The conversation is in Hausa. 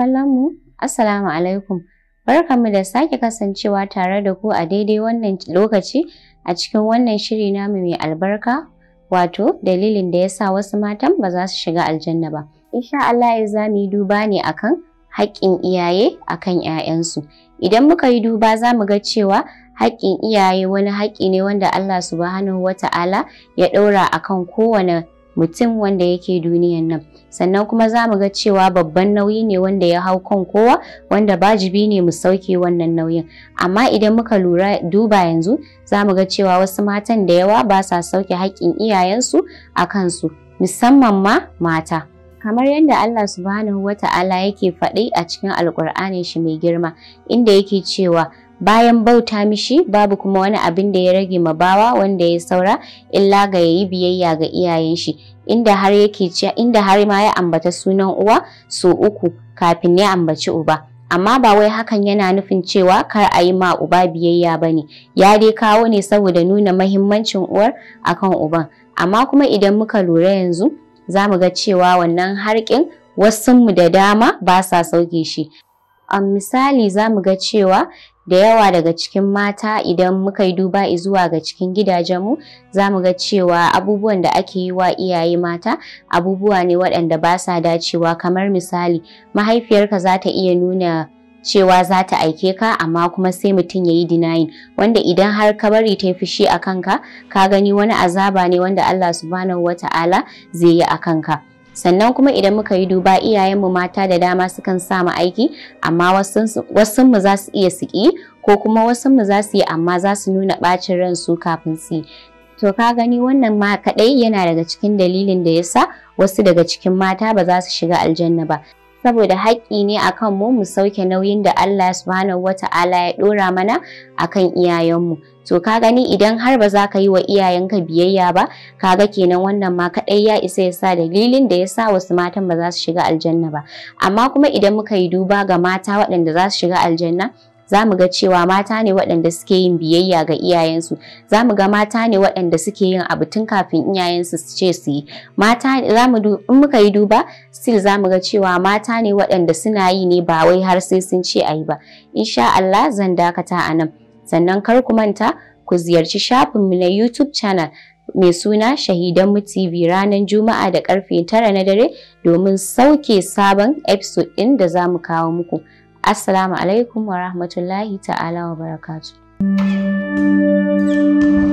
kallonmu. asalamu assalamu alaikum barkanmu da sake kasancewa tare da ku a daidai wannan lokaci a cikin wannan shiri namu mai albarka wato dalilin da ya sa wasu matan ba za su shiga aljanna ba insha Allah za mu yi duba ne akan haƙƙin iyaye akan 'ya'yansu idan muka yi duba za mu ga cewa haƙƙin iyaye wani haƙƙi ne wanda Allah subhanahu wata'ala ya ɗaura akan kowane mutum wanda yake duniyan nan sannan kuma za mu ga cewa babban nauyi ne wanda ya hau kan kowa wanda bajibi ne mu sauke wannan nauyin amma idan muka lura duba yanzu za mu ga cewa wasu matan da yawa ba sa sauke haƙƙin iyayensu a kansu musamman ma mata kamar yadda Allah subhanahu wa ta'ala yake faɗi a cikin alƙur'ani shi mai girma inda yake cewa bayan bauta mishi babu kuma wani abin da ya rage ma bawa wanda ya saura illa ga yayi biyayya ga iyayen shi inda har yake inda har ma ya ambata sunan uwa so uku kafin ya ambaci uba amma ba wai hakan yana nufin cewa kar a yi ma uba biyayya ba ne ya dai kawo ne saboda nuna mahimmancin uwar akan uban amma kuma idan muka lura yanzu za mu ga cewa wannan harkin wasunmu da dama ba sa sauke shi A misali za mu ga cewa da yawa daga cikin mata idan muka yi duba zuwa ga cikin gidajenmu za mu ga cewa abubuwan da ake yi wa iyaye mata abubuwa ne waɗanda ba sa dacewa kamar misali mahaifiyarka za ta iya nuna cewa za ta aike ka amma kuma sai mutum ya yi dinayin wanda idan har ka bari ta yi fushi a kanka ka gani wani azaba ne wanda Allah subhanahu wa ta'ala zai yi a kanka. sannan kuma idan muka yi duba iyayenmu mata da dama sukan sa mu aiki amma wasu mu za su iya siki ko kuma wasu mu za su yi amma za su nuna bacin ransu kafin su to ka gani wannan ma kadai yana daga cikin dalilin da yasa wasu daga cikin mata ba za su shiga aljanna ba saboda haƙƙi ne akan mu mu sauke nauyin da Allah subhanahu wata'ala ya dora mana akan iyayenmu to ka gani idan har ba za ka yi wa iyayenka biyayya ba ka ga kenan wannan ma kaɗai ya isa ya sa dalilin da ya sa wasu matan ba za su shiga aljanna ba amma kuma idan muka yi duba ga mata waɗanda za su shiga aljanna za mu ga cewa mata ne waɗanda suke yin biyayya ga iyayensu za mu ga mata ne waɗanda suke yin abu tun kafin iyayensu su ce su yi in muka yi duba still za mu ga cewa mata ne waɗanda suna yi ne ba wai har sai sun ce a yi ba insha Allah zan dakata a nan sannan kar ku manta ku ziyarci shafin mu na YouTube channel mai suna Shahidanmu TV ranar Juma'a da karfe 9 na dare domin sauke sabon episode ɗin da za mu kawo muku. Assalamu alaikum wa rahmatullahi ta'ala wa barakatuh.